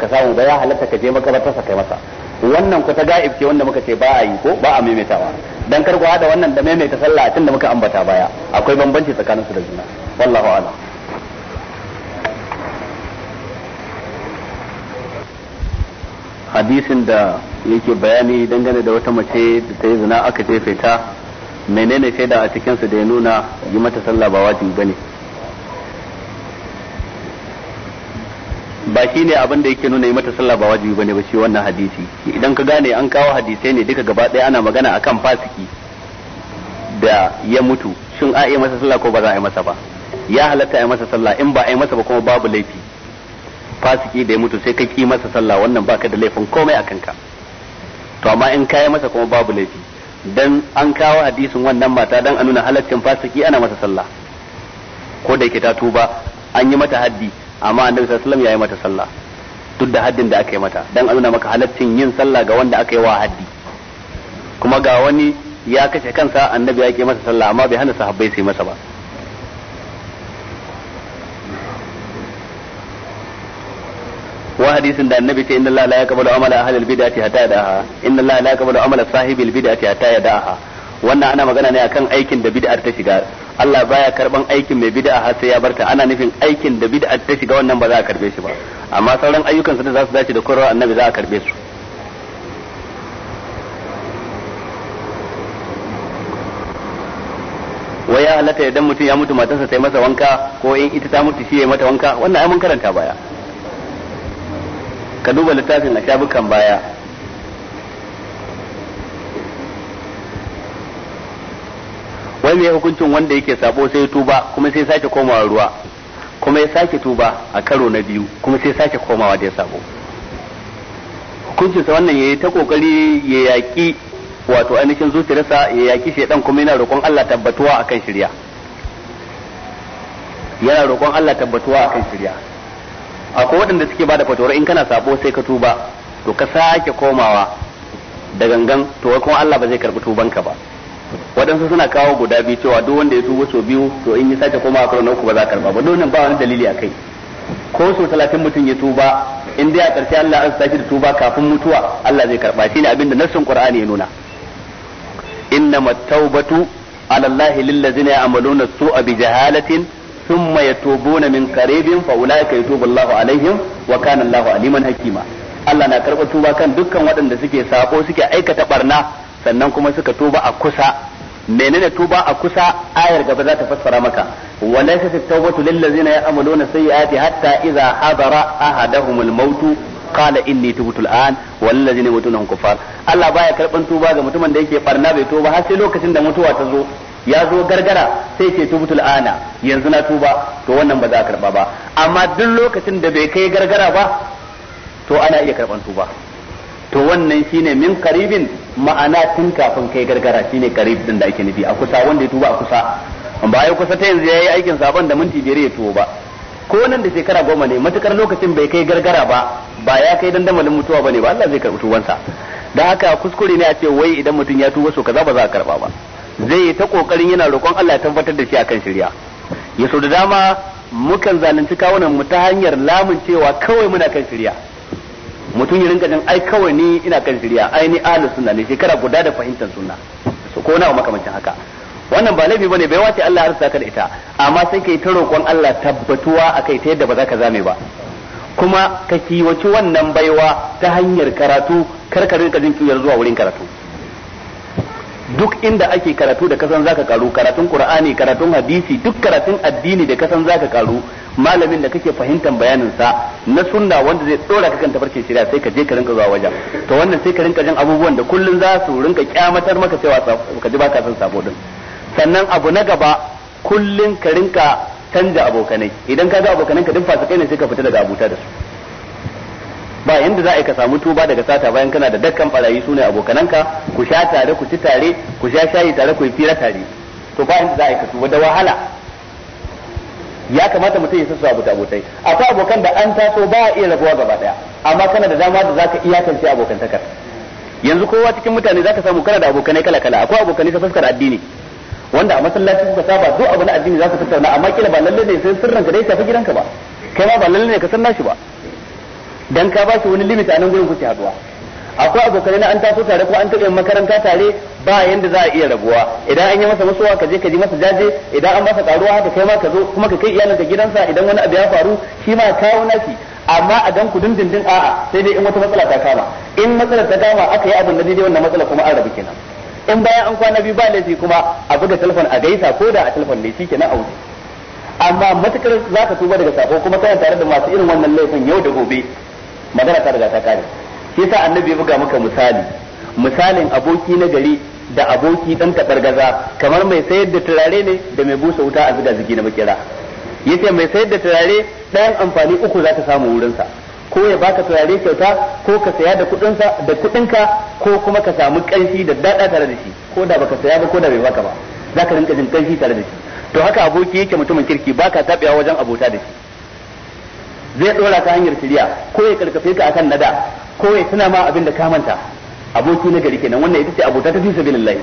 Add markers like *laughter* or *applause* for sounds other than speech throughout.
baka samu ba ya halatta ka je makabarta sa kai masa wannan ku ta ga'ib ce wanda muka ce ba a yi ko ba a maimaitawa dan kar ku hada wannan da maimaita sallah tun da muka ambata baya akwai bambanci tsakanin su da juna wallahu a'lam hadisin da yake bayani dangane da wata mace da ta yi zina aka jefe ta menene shaida a cikinsu da ya nuna yi mata sallah ba wajibi bane ba ne abin da yake nuna yi mata sallah ba wajibi bane ba shi wannan hadisi idan ka gane an kawo hadisai ne duka gaba ɗaya ana magana akan fasiki da ya mutu shin a yi masa sallah ko ba za a yi masa ba ya halatta a yi masa sallah in ba a yi masa ba kuma babu laifi fasiki da ya mutu sai ka ki masa sallah wannan baka da laifin komai a kanka to amma in ka yi masa kuma babu laifi dan an kawo hadisin wannan mata dan a nuna halaccin fasiki ana masa sallah ko da ke ta tuba an yi mata haddi amma annabi sallallahu alaihi wasallam yi mata sallah duk da haddin da aka yi mata dan a nuna maka halaccin yin sallah ga wanda aka yi wa haddi kuma ga wani ya kashe kansa annabi ya ke masa sallah amma bai hana sahabbai su yi masa ba wa hadisin da annabi ce inna Allah la yaqbalu amala ahli al-bid'ati hatta yadaha inna Allah la yaqbalu amala sahibi al-bid'ati hatta yadaha wannan ana magana ne akan aikin da bid'ar ta shiga Allah baya karban aikin mai bid'a har sai ya barta ana nufin aikin da bid'a ta shiga wannan ba za a karbe shi ba amma sauran ayyukan su da za su dace da koyarwar annabi za a karbe su wai ya halatta idan mutum ya mutu matarsa sai masa wanka ko in ita ta mutu shi ya mata wanka wannan ai mun karanta baya ka duba littafin a shabukan baya wai me hukuncin wanda yake sabo sai tuba kuma sai sake komawa ruwa kuma ya sake tuba a karo na biyu kuma sai sake komawa da ya sabo hukuncin sa wannan yayi ta kokari ya yaki wato ainihin zuciyarsa ya yaki shedan kuma yana roƙon Allah tabbatuwa akan shirya yana roƙon Allah tabbatuwa akan shirya akwai waɗanda suke bada fatawar in kana sabo sai ka tuba to ka sake komawa da gangan to kuma Allah ba zai karɓi tubanka ba waɗansu suna kawo guda biyu cewa duk wanda ya tuba sau biyu to in yi sake koma akwai na uku ba za a karba ba dole ba wani dalili a kai ko sau talatin mutum ya tuba in dai a ƙarshe Allah an sake da tuba kafin mutuwa Allah zai karba ni abin da nassin Qur'ani ya nuna innamat tawbatu ala Allah lillazina ya'maluna su'a bi jahalatin thumma yatubuna min qaribin fa ulaika yatubu Allahu alaihim wa kana Allahu aliman hakima Allah na karɓar tuba kan dukkan waɗanda suke sako suke aikata ɓarna. sannan kuma suka tuba a kusa menene tuba a kusa ayar gaba za ta fassara maka walaysa at-tawbatu lil ladzina ya'maluna sayyi'ati hatta idza hadara ahadahumul mautu qala inni tubtu al'an an wal ladzina yamutuna hum kuffar Allah baya karban tuba ga mutumin da yake barna bai tuba har sai lokacin da mutuwa ta zo ya zo gargara sai ce tubtu ana yanzu na tuba to wannan ba za a karba ba amma duk lokacin da bai kai gargara ba to ana iya karban tuba to wannan shine min qaribin ma'ana tun kafin kai gargara shine qarib din da ake nufi a kusa wanda ya tuba a kusa ba ya kusa ta yanzu yayi aikin saban da minti biyar ya tuba ba ko nan da shekara goma ne matukar lokacin bai kai gargara ba ba ya kai dandamalin mutuwa bane ba Allah zai karbi sa dan haka kuskure ne a ce wai idan mutum ya tuba so kaza ba za a karba ba zai yi ta kokarin yana roƙon Allah ya tabbatar da shi akan shirya ya so da dama mukan zalunci kawunan mu ta hanyar lamun cewa kawai muna kan shirya mutum ya rinka jin ai kawai ni ina kan shirya ai ni ahli sunna ne shekara guda da fahimtar suna so ko na makamancin haka wannan ba laifi bane bai wace Allah har saka da ita amma sai kai ta roƙon Allah tabbatuwa akai ta yadda ba za ka zame ba kuma ka kiwaci wannan baiwa ta hanyar karatu kar ka rinka jin kiyar zuwa wurin karatu duk inda ake karatu da kasan zaka karu karatun qur'ani karatun hadisi duk karatun addini da kasan zaka karu malamin da kake fahimtar bayanin sa na sunna wanda zai tsora ka kan tafarkin shari'a sai ka je ka rinka zuwa wajen to wannan sai ka rinka jin abubuwan da kullun za su rinka kyamatar maka cewa ka ji baka son sabo din sannan abu na gaba kullun ka rinka canja abokanai idan ka ga abokanan ka duk kai ne sai ka fita daga abuta da su ba yanda za a yi ka samu tuba daga sata bayan kana da dakkan barayi su ne abokananka ku sha tare ku ci tare ku sha shayi tare ku yi fira tare to ba yanda za a yi ka tuba da wahala ya kamata mutum ya sassa abu abokai akwai abokan da an taso ba iya rabuwa gaba daya amma kana da dama da zaka iyakance takar yanzu kowa cikin mutane zaka samu kana da abokanai kala kala akwai abokanai ta fuskar addini wanda a masallaci kuka saba duk abu na addini zaka tattauna amma kila ba lalle ne sai sirran ka dai tafi gidanka ba kai ma ba lalle ne ka san nashi ba dan ka ba shi wani limit a nan gurin kuke haduwa akwai abokai na an taso tare ko an taɓa makaranta tare ba yanda za a iya rabuwa idan an yi masa musuwa ka je ka ji masa jaje idan an masa karuwa haka kai ma ka zo kuma ka kai iyalinka gidansa idan wani abu ya faru shi ma kawo nashi amma a dan ku dindindin a'a sai dai in wata matsala ta kama in matsala ta kama aka yi abin da dai wannan matsala kuma an rabu kenan in bayan an kwana biyu ba laifi kuma a buga telefon a gaisa ko da a telefon ne shi kenan a wuce amma matukar za ka tuba daga sako kuma kana tare da masu irin wannan laifin yau da gobe magana ta riga ta kare shi sa annabi buga maka misali misalin aboki na gari da aboki dan gaza kamar mai sayar da turare ne da mai busa wuta a zuga zigi na makera yace mai sayar da turare ɗayan amfani uku za ka samu sa ko ya baka turare kyauta ko ka saya da sa da ka ko kuma ka samu kanshi da dada tare da shi ko da baka saya ba ko da bai baka ba zaka ka rinka jin kanshi tare da shi to haka aboki yake mutumin kirki baka tabewa wajen abota da shi zai dora ta hanyar shirya ko ya karkafe ka akan nada ko ya ma abin da ka manta aboki na gari kenan wannan ita ce abota ta fi sabilillah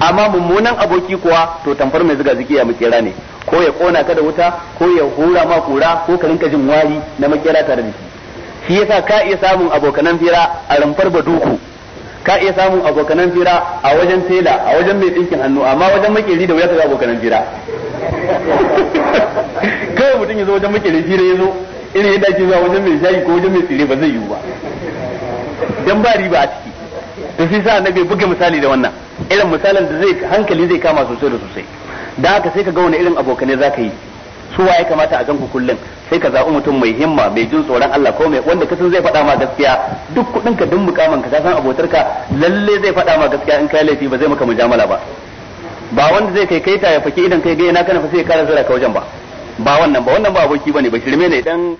amma mummunan aboki kuwa to tamfar mai zuga zikiya makera ne ko ya kona ka da wuta ko ya hura ma kura ko ka rinka jin wari na makera tare da shi shi yasa ka iya samun abokanan fira a rumfar baduku ka iya samun abokanan fira a wajen tela a wajen mai dinkin hannu amma wajen makeri da wuya ka ga abokanan fira *laughs* kai mutum ya zo wajen makeri fira ya zo irin yadda ake zuwa wajen mai shayi ko wajen mai tsire ba zai yiwu ba dan ba riba a ciki to sai sa annabi buga misali da wannan irin misalin da zai hankali zai kama sosai da sosai da haka sai ka ga wani irin abokane zaka yi su waye kamata a ganku kullum sai ka zaɓi mutum mai himma mai jin tsoron Allah ko mai wanda kasan zai faɗa ma gaskiya duk kuɗin ka duk mukamin ka san abotarka lalle zai faɗa ma gaskiya in kai laifi ba zai maka mujamala ba ba wanda zai kai kaita ya faki idan kai ga yana kana fa sai ya kara zura ka wajen ba ba wannan ba wannan ba aboki bane ba shirme ne dan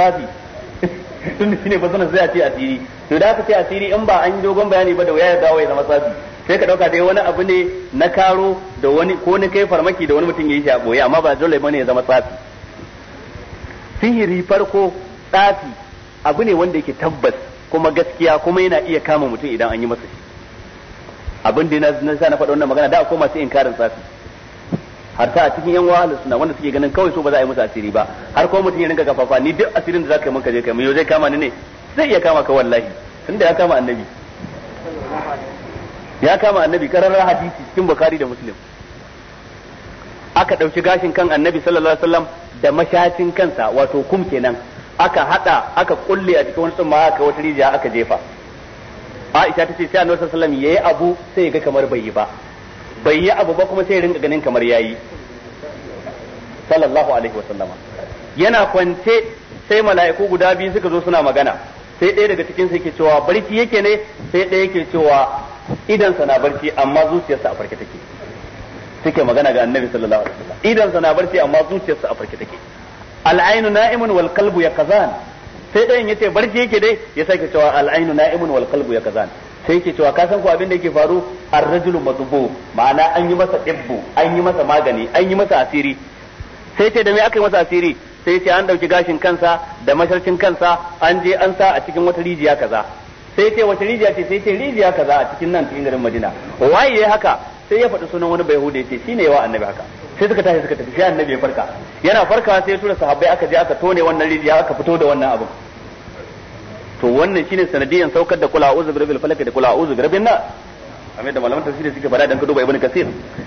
tsafi tun da shine ba sanin sai a ce asiri to da aka ce asiri in ba an yi dogon bayani ba da waya ya dawo ya zama tsafi sai ka dauka dai wani abu ne na karo da wani ko na kai farmaki da wani mutum ya yi shi a boye amma ba dole bane ya zama tsafi sihiri farko tsafi abu ne wanda yake tabbas kuma gaskiya kuma yana iya kama mutum idan an yi masa shi abin da na sa na faɗa wannan magana da akwai masu inkarin tsafi hatta a cikin yan wahala suna wanda suke ganin kawai so ba za a yi musu asiri ba har ko mutum ya rinka gafafa ni duk asirin da ka yi maka je kai yau zai kama ni ne zai iya kama ka wallahi tunda ya kama annabi ya kama annabi kararrar hadisi cikin bukari da muslim aka ɗauki gashin kan annabi sallallahu alaihi wasallam da mashacin kansa wato kum kenan aka hada aka kulle a cikin wani tsumma aka wata rijiya aka jefa Aisha ta ce sai Annabi sallallahu alaihi wasallam yayi abu sai ya ga kamar bai yi ba bai yi abu ba kuma sai rinka ganin kamar yayi sallallahu alaihi wa sallama yana kwance sai mala'iku guda biyu suka zo suna magana sai ɗaya daga cikin su yake cewa barci yake ne sai ɗaya yake cewa idan na barci amma zuciyarsa a farke take suke magana ga annabi sallallahu alaihi wasallam idan na barci amma zuciyarsa a farke take al'ainu na'imun wal qalbu yakazan sai ɗayan yace barci yake dai ya sake cewa al'ainu na'imun wal qalbu yakazan sai ke cewa ka san ko abin da yake faru ar-rajulu madbu ma'ana an yi masa dibbu an yi masa magani an yi masa asiri sai ce da me aka yi masa asiri sai ce an dauki gashin kansa da masharcin kansa an je an sa a cikin wata rijiya kaza sai ce wata rijiya ce sai ce rijiya kaza a cikin nan cikin garin Madina waye yayi haka sai ya faɗi sunan wani bayahude ya ce shine yawa annabi haka sai suka tashi suka tafi sai annabi ya farka yana farkawa sai ya tura sahabbai aka je aka tone wannan rijiya aka fito da wannan abin to wannan shine sanadiyan saukar da kula a'udhu birabbil falaq da kula a'udhu birabbin na amma da malaman tafsiri suke faɗa dan ka duba ibn kasir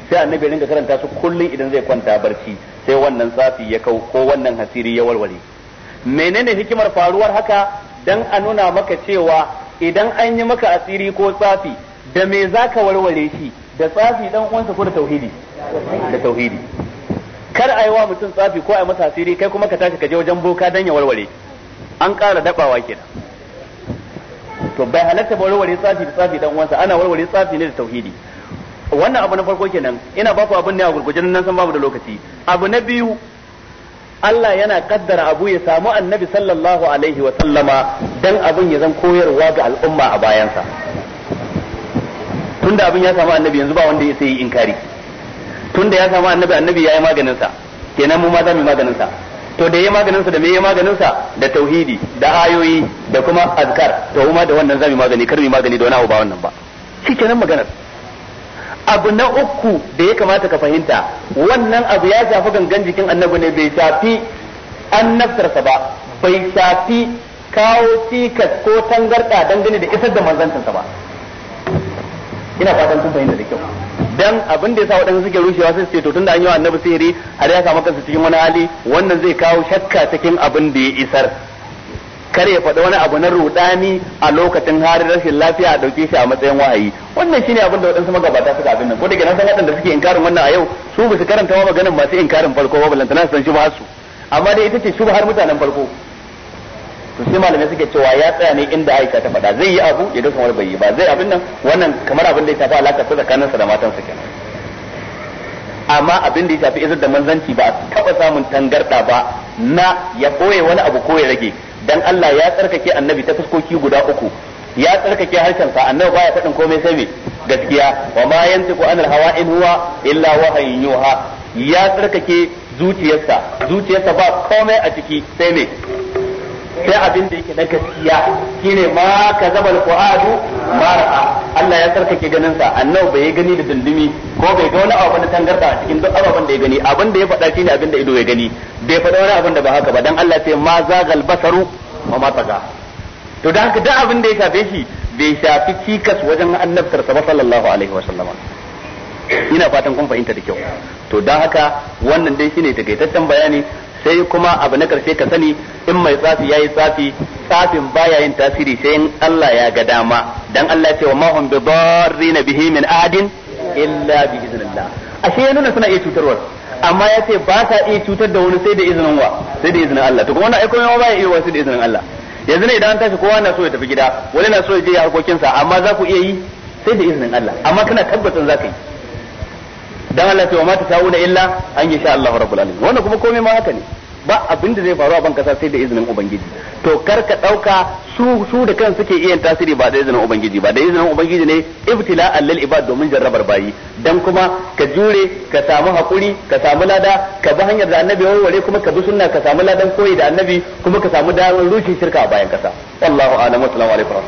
sai annabi ringa karanta su kullun idan zai kwanta barci sai wannan tsafi ya kau ko wannan hasiri ya walwale menene hikimar faruwar haka dan a nuna maka cewa idan an yi maka asiri ko tsafi da me zaka warware shi da tsafi dan uwansa ko da tauhidi da tauhidi kar a yi wa mutum tsafi ko a yi masa asiri kai kuma ka tashi ka je wajen boka dan ya warware an ƙara dabawa kenan to bai halatta ba warware tsafi da tsafi dan uwansa ana warware tsafi ne da tauhidi wannan abu na farko kenan ina ba ku abin ne a gurgurjen nan san babu da lokaci abu na biyu Allah yana kaddara abu ya samu annabi sallallahu alaihi wa sallama dan abin ya zan koyarwa ga al'umma a bayansa tunda abin ya samu annabi yanzu ba wanda ya sai inkari tunda ya samu annabi annabi yayi maganin sa kenan mu ma za mu maganin sa to da ya maganin sa da me ya maganin da tauhidi da ayoyi da kuma azkar to kuma da wannan zamu magani kar magani da wani abu ba wannan ba shikenan maganar abu na uku da ya kamata ka fahimta wannan abu ya shafi gangan jikin annabi ne bai shafi annabtarsa ba bai shafi kawo cikas ko tangarda dangane da isar da manzantansa ba ina fatan kun fahimta da kyau dan abin da yasa waɗansu suke rushewa sai su to tunda an yi wa annabi sihiri har ya samu kansa cikin wani hali wannan zai kawo shakka cikin abin da ya isar kar ya faɗi wani abu na rudani a lokacin harin rashin lafiya a ɗauke shi a matsayin wahayi wannan shine abin da waɗansu magabata suka abin nan ko da kenan san waɗanda suke inkarin wannan a yau su ba su karanta ma maganin masu inkarin farko ba balantana san shi ba su amma dai ita ce shubhar mutanen farko to sai malamai suke cewa ya tsaya ne inda aika ta faɗa zai yi abu ya dauka wani bai yi ba zai abin nan wannan kamar abin da ya tafi alaka ta tsakanin sa da matansa kenan amma abin da ya tafi izar da manzanci ba a taba samun tangarɗa ba na ya ɓoye wani abu ko ya rage dan Allah ya tsarkake annabi ta fuskoki guda uku ya tsarkake sa annabi baya faɗin komai sai me gaskiya wa ma yantiqu anil hawa in huwa illa wahyun yuha ya tsarkake zuciyarsa zuciyarsa ba komai a ciki sai me sai abin da yake na gaskiya shine ma ka zama alfuadu ma ra'a Allah ya sarka ke ganin sa annabi bai gani da dindimi ko bai ga wani abu na tangarda a cikin duk ababen da ya gani abin da ya faɗa shine abin da ido ya gani bai faɗa wani abin da ba haka ba dan Allah sai ma zagal basaru wa ma taga to da haka duk abin da ya shafe shi bai shafi cikas wajen annabtar sa ba sallallahu alaihi wa sallama ina fatan kun fahimta da kyau to dan haka wannan dai shine takaitaccen bayani sai kuma abu na karshe ka sani in mai tsafi yayi tsafi tsafin baya yin tasiri sai in Allah ya ga dama dan Allah ya ce wa mahum bi darrina bihi min adin. illa bi iznillah ashe ya nuna suna iya cutarwa amma ya ce ba sa iya cutar da wani sai da izinin wa sai da izinin Allah to kuma wannan aiko yawa baya iya wa sai da izinin Allah yanzu ne idan an tashi kowa na so ya tafi gida wani na so ya je ya harkokinsa amma za ku iya yi sai da izinin Allah amma kana tabbatin za ka yi dan Allah ce wa ta tasawuna illa an yasha Allahu rabbul alamin wannan kuma komai ma haka ne ba abin da zai faru a ban kasa sai da izinin ubangiji to kar ka dauka su su da kan suke iya tasiri ba da izinin ubangiji ba da izinin ubangiji ne ibtila lil ibad domin jarrabar bayi dan kuma ka jure ka samu hakuri ka samu lada ka bi hanyar da annabi warware kuma ka bi sunna ka samu ladan koyi da annabi kuma ka samu damar ruci shirka a bayan kasa wallahu alaihi wa assalamu alaikum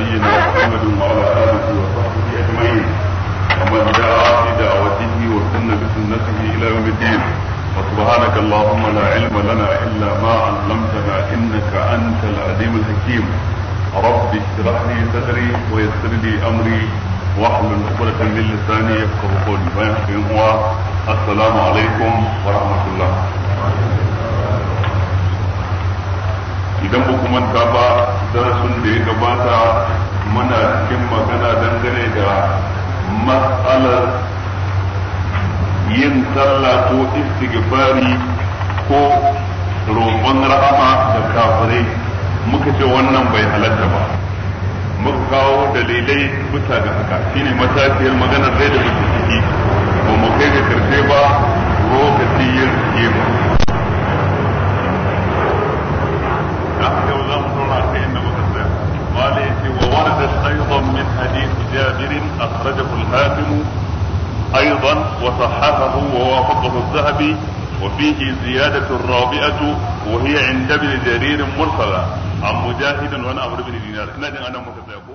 نبينا محمد وعلى اله وصحبه اجمعين ومن دعا بدعوته وسن بسنته الى يوم الدين وسبحانك اللهم لا علم لنا الا ما علمتنا انك انت العليم الحكيم رب اشرح لي صدري ويسر لي امري واحلل عقدة من لساني يفقه قولي السلام عليكم ورحمه الله idan ba kuma ta ba darasin da ya gabata muna cikin magana dangane da matsalar yin sallah ko istighfari ko roƙon rahama da kafirai muka ce wannan bai halatta ba muka kawo dalilai bisa ga haka shine matashiyar maganar zai da mutum ciki ba mu kai da karshe ba lokaci yin ba حديث جابر أخرجه الحاكم أيضا وصححه ووافقه الذهبي وفيه زيادة رابعة وهي عند ابن جرير مرسلة عن مجاهد وأنا أمر بن دينار أنا متفق